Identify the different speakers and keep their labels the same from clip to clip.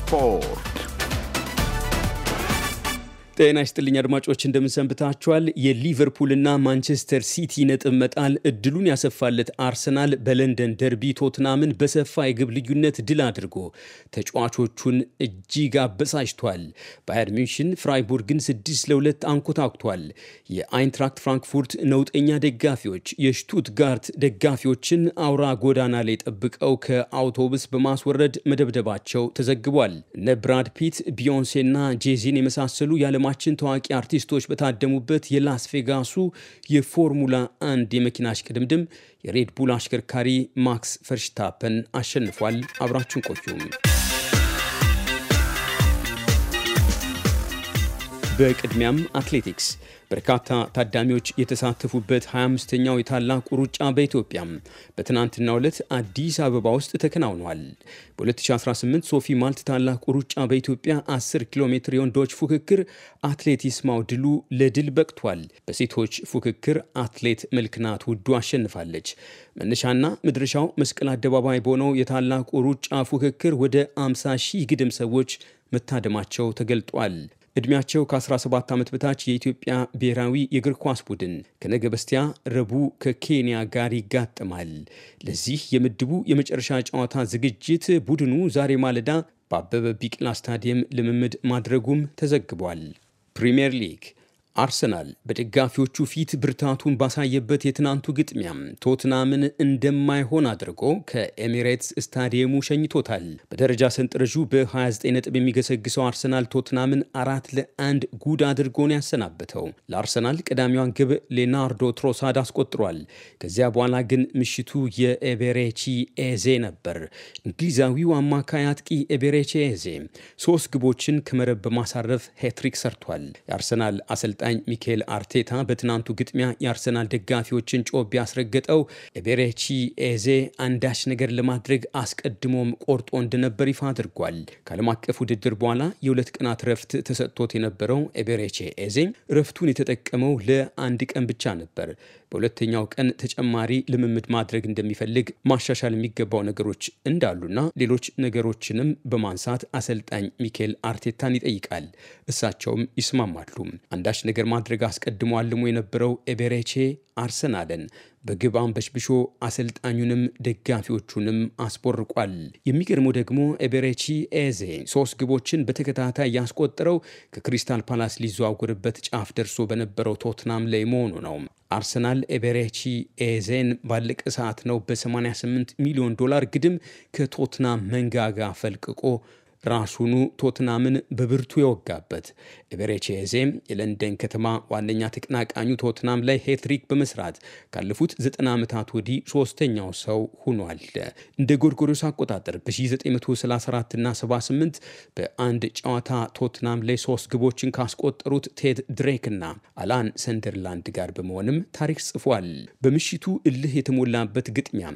Speaker 1: spor. ጤና ይስጥልኝ አድማጮች፣ እንደምንሰንብታችኋል። የሊቨርፑልና ማንቸስተር ሲቲ ነጥብ መጣል እድሉን ያሰፋለት አርሰናል በለንደን ደርቢ ቶትናምን በሰፋ የግብ ልዩነት ድል አድርጎ ተጫዋቾቹን እጅግ አበሳጭቷል። ባየር ሚንሽን ፍራይቡርግን ስድስት ለሁለት አንኮታኩቷል። የአይንትራክት ፍራንክፉርት ነውጠኛ ደጋፊዎች የሽቱትጋርት ደጋፊዎችን አውራ ጎዳና ላይ ጠብቀው ከአውቶቡስ በማስወረድ መደብደባቸው ተዘግቧል። እነ ብራድ ፒት፣ ቢዮንሴና ጄዚን የመሳሰሉ ያለማ የዓለማችን ታዋቂ አርቲስቶች በታደሙበት የላስ ቬጋሱ የፎርሙላ አንድ የመኪና አሽቅድምድም የሬድቡል አሽከርካሪ ማክስ ፈርሽታፐን አሸንፏል። አብራችን ቆዩም። በቅድሚያም አትሌቲክስ በርካታ ታዳሚዎች የተሳተፉበት 25ኛው የታላቁ ሩጫ በኢትዮጵያ በትናንትናው ዕለት አዲስ አበባ ውስጥ ተከናውኗል። በ2018 ሶፊ ማልት ታላቁ ሩጫ በኢትዮጵያ 10 ኪሎ ሜትር የወንዶች ፉክክር አትሌት ይስማው ድሉ ለድል በቅቷል። በሴቶች ፉክክር አትሌት መልክናት ውዱ አሸንፋለች። መነሻና መድረሻው መስቀል አደባባይ በሆነው የታላቁ ሩጫ ፉክክር ወደ 50 ሺህ ግድም ሰዎች መታደማቸው ተገልጧል። እድሜያቸው ከ17 ዓመት በታች የኢትዮጵያ ብሔራዊ የእግር ኳስ ቡድን ከነገ በስቲያ ረቡዕ ከኬንያ ጋር ይጋጥማል። ለዚህ የምድቡ የመጨረሻ ጨዋታ ዝግጅት ቡድኑ ዛሬ ማለዳ በአበበ ቢቅላ ስታዲየም ልምምድ ማድረጉም ተዘግቧል። ፕሪምየር ሊግ አርሰናል በደጋፊዎቹ ፊት ብርታቱን ባሳየበት የትናንቱ ግጥሚያ ቶትናምን እንደማይሆን አድርጎ ከኤሚሬትስ ስታዲየሙ ሸኝቶታል። በደረጃ ሰንጠረዡ በ29 ነጥብ የሚገሰግሰው አርሰናል ቶትናምን አራት ለአንድ ጉድ አድርጎ ነው ያሰናበተው። ለአርሰናል ቀዳሚዋን ግብ ሌናርዶ ትሮሳድ አስቆጥሯል። ከዚያ በኋላ ግን ምሽቱ የኤቤሬቺ ኤዜ ነበር። እንግሊዛዊው አማካይ አጥቂ ኤቤሬቺ ኤዜ ሶስት ግቦችን ከመረብ በማሳረፍ ሄትሪክ ሰርቷል። የአርሰናል አሰልጣኝ አሰልጣኝ ሚካኤል አርቴታ በትናንቱ ግጥሚያ የአርሰናል ደጋፊዎችን ጮ ቢያስረገጠው ኤቤሬቺ ኤዜ አንዳች ነገር ለማድረግ አስቀድሞም ቆርጦ እንደነበር ይፋ አድርጓል። ከዓለም አቀፍ ውድድር በኋላ የሁለት ቀናት ረፍት ተሰጥቶት የነበረው ኤቤሬቺ ኤዜ ረፍቱን የተጠቀመው ለአንድ ቀን ብቻ ነበር። በሁለተኛው ቀን ተጨማሪ ልምምድ ማድረግ እንደሚፈልግ ማሻሻል የሚገባው ነገሮች እንዳሉና ሌሎች ነገሮችንም በማንሳት አሰልጣኝ ሚኬል አርቴታን ይጠይቃል። እሳቸውም ይስማማሉ። አንዳች ነገር ማድረግ አስቀድሞ አልሞ የነበረው ኤቤሬቼ አርሰናልን በግብ አንበሽብሾ አሰልጣኙንም ደጋፊዎቹንም አስቦርቋል። የሚገርመው ደግሞ ኤቤሬቺ ኤዜ ሶስት ግቦችን በተከታታይ ያስቆጠረው ከክሪስታል ፓላስ ሊዘዋወርበት ጫፍ ደርሶ በነበረው ቶትናም ላይ መሆኑ ነው። አርሰናል ኤቤሬቺ ኤዜን ባለቀ ሰዓት ነው በ88 ሚሊዮን ዶላር ግድም ከቶትናም መንጋጋ ፈልቅቆ ራሱኑ ቶትናምን በብርቱ የወጋበት ኤቤሬቼዜ የለንደን ከተማ ዋነኛ ተቀናቃኙ ቶትናም ላይ ሄትሪክ በመስራት ካለፉት ዘጠና ዓመታት ወዲህ ሶስተኛው ሰው ሆኗል። እንደ ጎርጎሮስ አቆጣጠር በ1934 እና 78 በአንድ ጨዋታ ቶትናም ላይ ሶስት ግቦችን ካስቆጠሩት ቴድ ድሬክ እና አላን ሰንደርላንድ ጋር በመሆንም ታሪክ ጽፏል። በምሽቱ እልህ የተሞላበት ግጥሚያ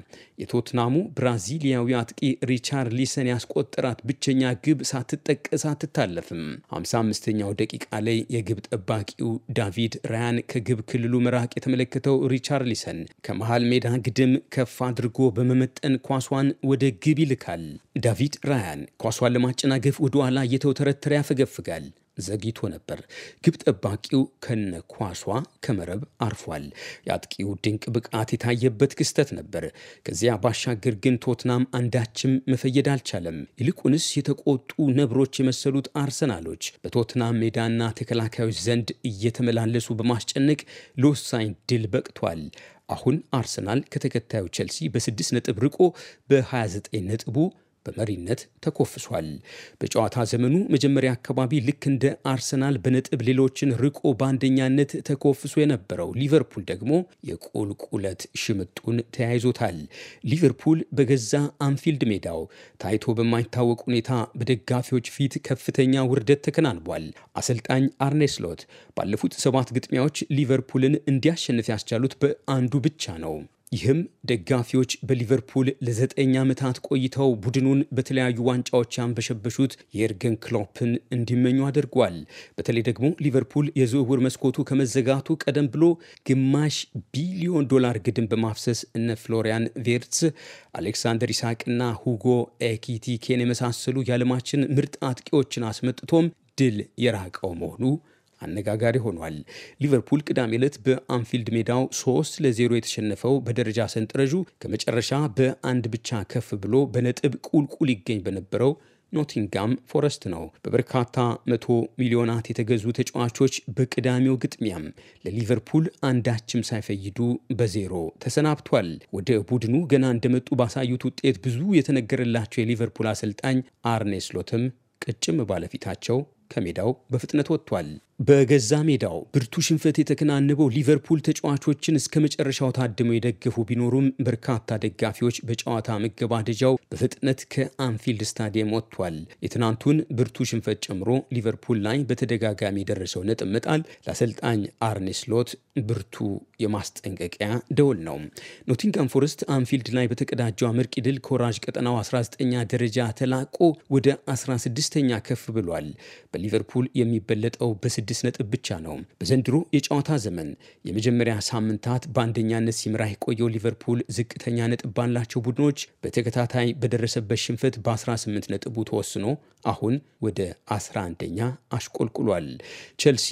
Speaker 1: የቶትናሙ ብራዚሊያዊ አጥቂ ሪቻር ሊሰን ያስቆጠራት ብቸኛ ግብ ሳትጠቀስ አትታለፍም። 55ኛው ደቂቃ ላይ የግብ ጠባቂው ዳቪድ ራያን ከግብ ክልሉ መራቅ የተመለከተው ሪቻርሊሰን ከመሃል ሜዳ ግድም ከፍ አድርጎ በመመጠን ኳሷን ወደ ግብ ይልካል። ዳቪድ ራያን ኳሷን ለማጨናገፍ ወደ ኋላ እየተውተረተረ ያፈገፍጋል። ዘግይቶ ነበር። ግብ ጠባቂው ከነ ኳሷ ከመረብ አርፏል። የአጥቂው ድንቅ ብቃት የታየበት ክስተት ነበር። ከዚያ ባሻገር ግን ቶትናም አንዳችም መፈየድ አልቻለም። ይልቁንስ የተቆጡ ነብሮች የመሰሉት አርሰናሎች በቶትናም ሜዳና ተከላካዮች ዘንድ እየተመላለሱ በማስጨነቅ ለወሳኝ ድል በቅቷል። አሁን አርሰናል ከተከታዩ ቼልሲ በ6 ነጥብ ርቆ በ29 ነጥቡ በመሪነት ተኮፍሷል። በጨዋታ ዘመኑ መጀመሪያ አካባቢ ልክ እንደ አርሰናል በነጥብ ሌሎችን ርቆ በአንደኛነት ተኮፍሶ የነበረው ሊቨርፑል ደግሞ የቁልቁለት ሽምጡን ተያይዞታል። ሊቨርፑል በገዛ አንፊልድ ሜዳው ታይቶ በማይታወቅ ሁኔታ በደጋፊዎች ፊት ከፍተኛ ውርደት ተከናንቧል። አሰልጣኝ አርኔ ስሎት ባለፉት ሰባት ግጥሚያዎች ሊቨርፑልን እንዲያሸንፍ ያስቻሉት በአንዱ ብቻ ነው። ይህም ደጋፊዎች በሊቨርፑል ለዘጠኝ ዓመታት ቆይተው ቡድኑን በተለያዩ ዋንጫዎች ያንበሸበሹት የኤርገን ክሎፕን እንዲመኙ አድርጓል። በተለይ ደግሞ ሊቨርፑል የዝውውር መስኮቱ ከመዘጋቱ ቀደም ብሎ ግማሽ ቢሊዮን ዶላር ግድም በማፍሰስ እነ ፍሎሪያን ቬርትስ፣ አሌክሳንደር ኢሳቅና ሁጎ ኤኪቲኬን የመሳሰሉ የዓለማችን ምርጥ አጥቂዎችን አስመጥቶም ድል የራቀው መሆኑ አነጋጋሪ ሆኗል። ሊቨርፑል ቅዳሜ ዕለት በአንፊልድ ሜዳው 3 ለዜሮ የተሸነፈው በደረጃ ሰንጠረዡ ከመጨረሻ በአንድ ብቻ ከፍ ብሎ በነጥብ ቁልቁል ይገኝ በነበረው ኖቲንጋም ፎረስት ነው። በበርካታ መቶ ሚሊዮናት የተገዙ ተጫዋቾች በቅዳሜው ግጥሚያም ለሊቨርፑል አንዳችም ሳይፈይዱ በዜሮ ተሰናብቷል። ወደ ቡድኑ ገና እንደመጡ ባሳዩት ውጤት ብዙ የተነገረላቸው የሊቨርፑል አሰልጣኝ አርኔ ስሎትም ቅጭም ባለፊታቸው ከሜዳው በፍጥነት ወጥቷል። በገዛ ሜዳው ብርቱ ሽንፈት የተከናነበው ሊቨርፑል ተጫዋቾችን እስከ መጨረሻው ታድመው የደገፉ ቢኖሩም በርካታ ደጋፊዎች በጨዋታ መገባደጃው በፍጥነት ከአንፊልድ ስታዲየም ወጥቷል። የትናንቱን ብርቱ ሽንፈት ጨምሮ ሊቨርፑል ላይ በተደጋጋሚ የደረሰው ነጥብ መጣል ለአሰልጣኝ አርኔ ስሎት ብርቱ የማስጠንቀቂያ ደወል ነው። ኖቲንጋም ፎረስት አንፊልድ ላይ በተቀዳጀው አመርቂ ድል ከወራጅ ቀጠናው 19ኛ ደረጃ ተላቆ ወደ 16ኛ ከፍ ብሏል። በሊቨርፑል የሚበለጠው በስ ስድስት ነጥብ ብቻ ነው። በዘንድሮ የጨዋታ ዘመን የመጀመሪያ ሳምንታት በአንደኛነት ሲመራ የቆየው ሊቨርፑል ዝቅተኛ ነጥብ ባላቸው ቡድኖች በተከታታይ በደረሰበት ሽንፈት በ18 ነጥቡ ተወስኖ አሁን ወደ 11ኛ አሽቆልቁሏል። ቼልሲ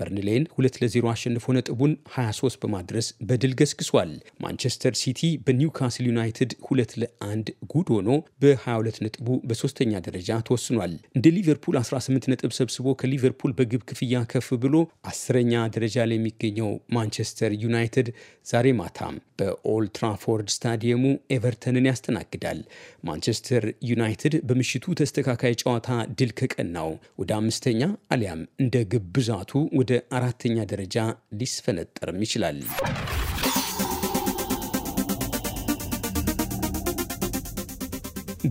Speaker 1: በርንሌን 2 ለ0 አሸንፎ ነጥቡን 23 በማድረስ በድል ገስግሷል። ማንቸስተር ሲቲ በኒውካስል ዩናይትድ 2 ለ1 ጉድ ሆኖ በ22 ነጥቡ በሶስተኛ ደረጃ ተወስኗል። እንደ ሊቨርፑል 18 ነጥብ ሰብስቦ ከሊቨርፑል በግብ ክፍያ ከፍ ብሎ አስረኛ ደረጃ ላይ የሚገኘው ማንቸስተር ዩናይትድ ዛሬ ማታም በኦልድ ትራፎርድ ስታዲየሙ ኤቨርተንን ያስተናግዳል። ማንቸስተር ዩናይትድ በምሽቱ ተስተካካይ ጨዋታ ድል ከቀናው ወደ አምስተኛ አሊያም እንደ ግብ ብዛቱ ወደ አራተኛ ደረጃ ሊስፈነጠርም ይችላል።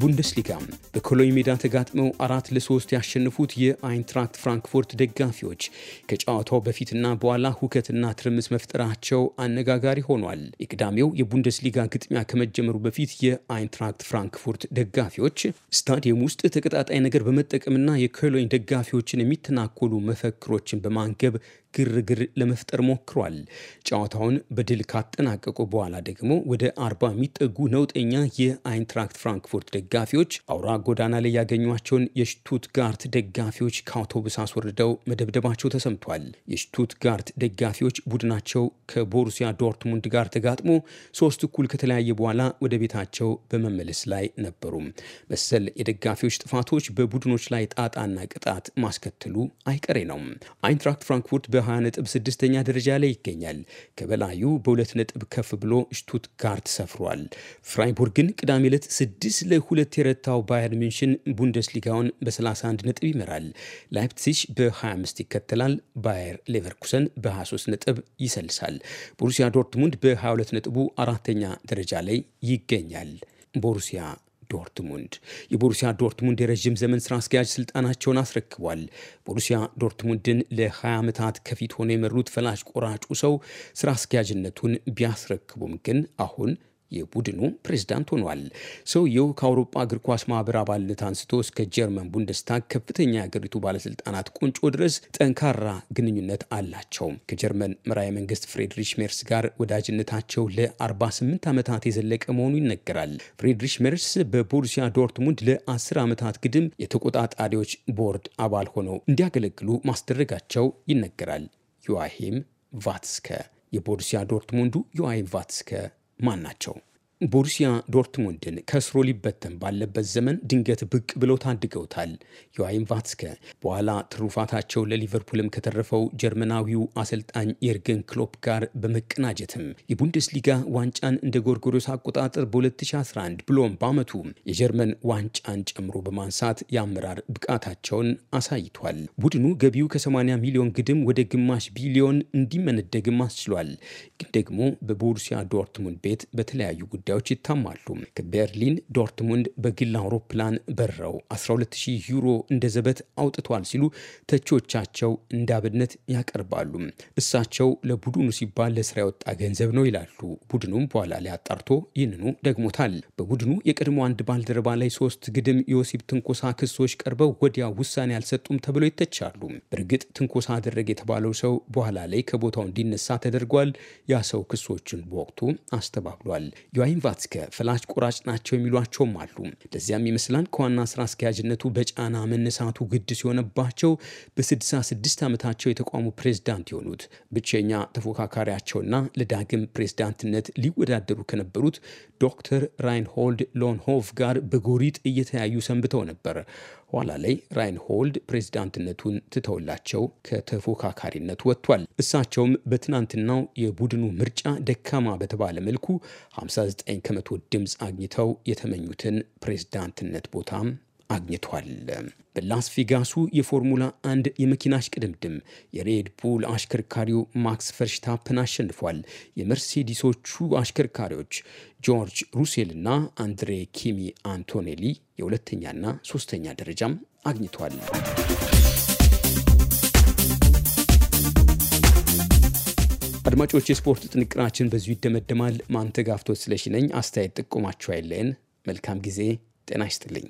Speaker 1: ቡንደስሊጋ በኮሎኝ ሜዳ ተጋጥመው አራት ለሶስት ያሸነፉት የአይንትራክት ፍራንክፎርት ደጋፊዎች ከጨዋታው በፊትና በኋላ ሁከትና ትርምስ መፍጠራቸው አነጋጋሪ ሆኗል። የቅዳሜው የቡንደስሊጋ ግጥሚያ ከመጀመሩ በፊት የአይንትራክት ፍራንክፎርት ደጋፊዎች ስታዲየም ውስጥ ተቀጣጣይ ነገር በመጠቀምና የኮሎኝ ደጋፊዎችን የሚተናኮሉ መፈክሮችን በማንገብ ግርግር ለመፍጠር ሞክሯል። ጨዋታውን በድል ካጠናቀቁ በኋላ ደግሞ ወደ አርባ የሚጠጉ ነውጠኛ የአይንትራክት ፍራንክፉርት ደጋፊዎች አውራ ጎዳና ላይ ያገኟቸውን የሽቱትጋርት ደጋፊዎች ከአውቶቡስ አስወርደው መደብደባቸው ተሰምቷል። የሽቱትጋርት ደጋፊዎች ቡድናቸው ከቦሩሲያ ዶርትሙንድ ጋር ተጋጥሞ ሶስት እኩል ከተለያየ በኋላ ወደ ቤታቸው በመመለስ ላይ ነበሩ። መሰል የደጋፊዎች ጥፋቶች በቡድኖች ላይ ጣጣና ቅጣት ማስከተሉ አይቀሬ ነው። አይንትራክት ፍራንክፉርት በ በ ነጥብ ስድስተኛ ደረጃ ላይ ይገኛል። ከበላዩ በሁለት ነጥብ ከፍ ብሎ ሽቱትጋርት ሰፍሯል። ፍራይቡርግን ቅዳሜ ዕለት 6 ለ2 የረታው ባየር ሚንሽን ቡንደስሊጋውን በ31 ነጥብ ይመራል። ላይፕሲሽ በ25 ይከተላል። ባየር ሌቨርኩሰን በ23 ነጥብ ይሰልሳል። ቦሩሲያ ዶርትሙንድ በ22 ነጥቡ አራተኛ ደረጃ ላይ ይገኛል። ቦሩሲያ ዶርትሙንድ። የቦሩሲያ ዶርትሙንድ የረዥም ዘመን ስራ አስኪያጅ ስልጣናቸውን አስረክቧል። ቦሩሲያ ዶርትሙንድን ለ20 ዓመታት ከፊት ሆነው የመሩት ፈላጭ ቆራጩ ሰው ስራ አስኪያጅነቱን ቢያስረክቡም ግን አሁን የቡድኑ ፕሬዝዳንት ሆኗል። ሰውየው ከአውሮፓ እግር ኳስ ማህበር አባልነት አንስቶ እስከ ጀርመን ቡንደስታግ ከፍተኛ የአገሪቱ ባለስልጣናት ቁንጮ ድረስ ጠንካራ ግንኙነት አላቸው። ከጀርመን መራሄ መንግስት ፍሬድሪሽ ሜርስ ጋር ወዳጅነታቸው ለ48 ዓመታት የዘለቀ መሆኑ ይነገራል። ፍሬድሪሽ ሜርስ በቦሩሲያ ዶርትሙንድ ለ10 ዓመታት ግድም የተቆጣጣሪዎች ቦርድ አባል ሆነው እንዲያገለግሉ ማስደረጋቸው ይነገራል። ዮዋሂም ቫትስከ የቦሩሲያ ዶርትሙንዱ ዮዋሂም ቫትስከ ማን ናቸው? ቦሩሲያ ዶርትሙንድን ከስሮ ሊበተን ባለበት ዘመን ድንገት ብቅ ብለው ታድገውታል። ዮዋይም ቫትስከ በኋላ ትሩፋታቸው ለሊቨርፑልም ከተረፈው ጀርመናዊው አሰልጣኝ የርገን ክሎፕ ጋር በመቀናጀትም የቡንደስሊጋ ዋንጫን እንደ ጎርጎሮስ አቆጣጠር በ2011 ብሎም በአመቱ የጀርመን ዋንጫን ጨምሮ በማንሳት የአመራር ብቃታቸውን አሳይቷል። ቡድኑ ገቢው ከ80 ሚሊዮን ግድም ወደ ግማሽ ቢሊዮን እንዲመነደግም አስችሏል። ግን ደግሞ በቦሩሲያ ዶርትሙንድ ቤት በተለያዩ ጉዳዮች ይታማሉ። ከቤርሊን ዶርትሙንድ በግል አውሮፕላን በረው 120 ዩሮ እንደ ዘበት አውጥቷል ሲሉ ተቺዎቻቸው እንዳብነት ያቀርባሉ። እሳቸው ለቡድኑ ሲባል ለስራ የወጣ ገንዘብ ነው ይላሉ። ቡድኑም በኋላ ላይ አጣርቶ ይህንኑ ደግሞታል። በቡድኑ የቀድሞ አንድ ባልደረባ ላይ ሶስት ግድም የወሲብ ትንኮሳ ክሶች ቀርበው ወዲያ ውሳኔ አልሰጡም ተብለው ይተቻሉ። በእርግጥ ትንኮሳ አደረገ የተባለው ሰው በኋላ ላይ ከቦታው እንዲነሳ ተደርጓል። ያ ሰው ክሶችን በወቅቱ አስተባብሏል። ዩአይ ኢብራሂም ቫትስከ ፈላጭ ቆራጭ ናቸው የሚሏቸውም አሉ። ለዚያም ይመስላል ከዋና ስራ አስኪያጅነቱ በጫና መነሳቱ ግድ ሲሆነባቸው በ66 ዓመታቸው የተቋሙ ፕሬዝዳንት የሆኑት ብቸኛ ተፎካካሪያቸውና ለዳግም ፕሬዝዳንትነት ሊወዳደሩ ከነበሩት ዶክተር ራይንሆልድ ሎንሆቭ ጋር በጎሪጥ እየተያዩ ሰንብተው ነበር። ኋላ ላይ ራይንሆልድ ፕሬዝዳንትነቱን ትተውላቸው ከተፎካካሪነት ወጥቷል። እሳቸውም በትናንትናው የቡድኑ ምርጫ ደካማ በተባለ መልኩ 59 ከመቶ ድምፅ አግኝተው የተመኙትን ፕሬዝዳንትነት ቦታም አግኝቷል። በላስቬጋሱ የፎርሙላ አንድ የመኪና አሽቅድምድም የሬድ ቡል አሽከርካሪው ማክስ ፈርሽታፕን አሸንፏል። የመርሴዲሶቹ አሽከርካሪዎች ጆርጅ ሩሴልና አንድሬ ኪሚ አንቶኔሊ የሁለተኛና ሶስተኛ ደረጃም አግኝቷል። አድማጮች፣ የስፖርት ጥንቅራችን በዚሁ ይደመደማል። ማንተጋፍቶት ስለሺ ነኝ። አስተያየት ጥቆማችሁ አይለን። መልካም ጊዜ። ጤና ይስጥልኝ።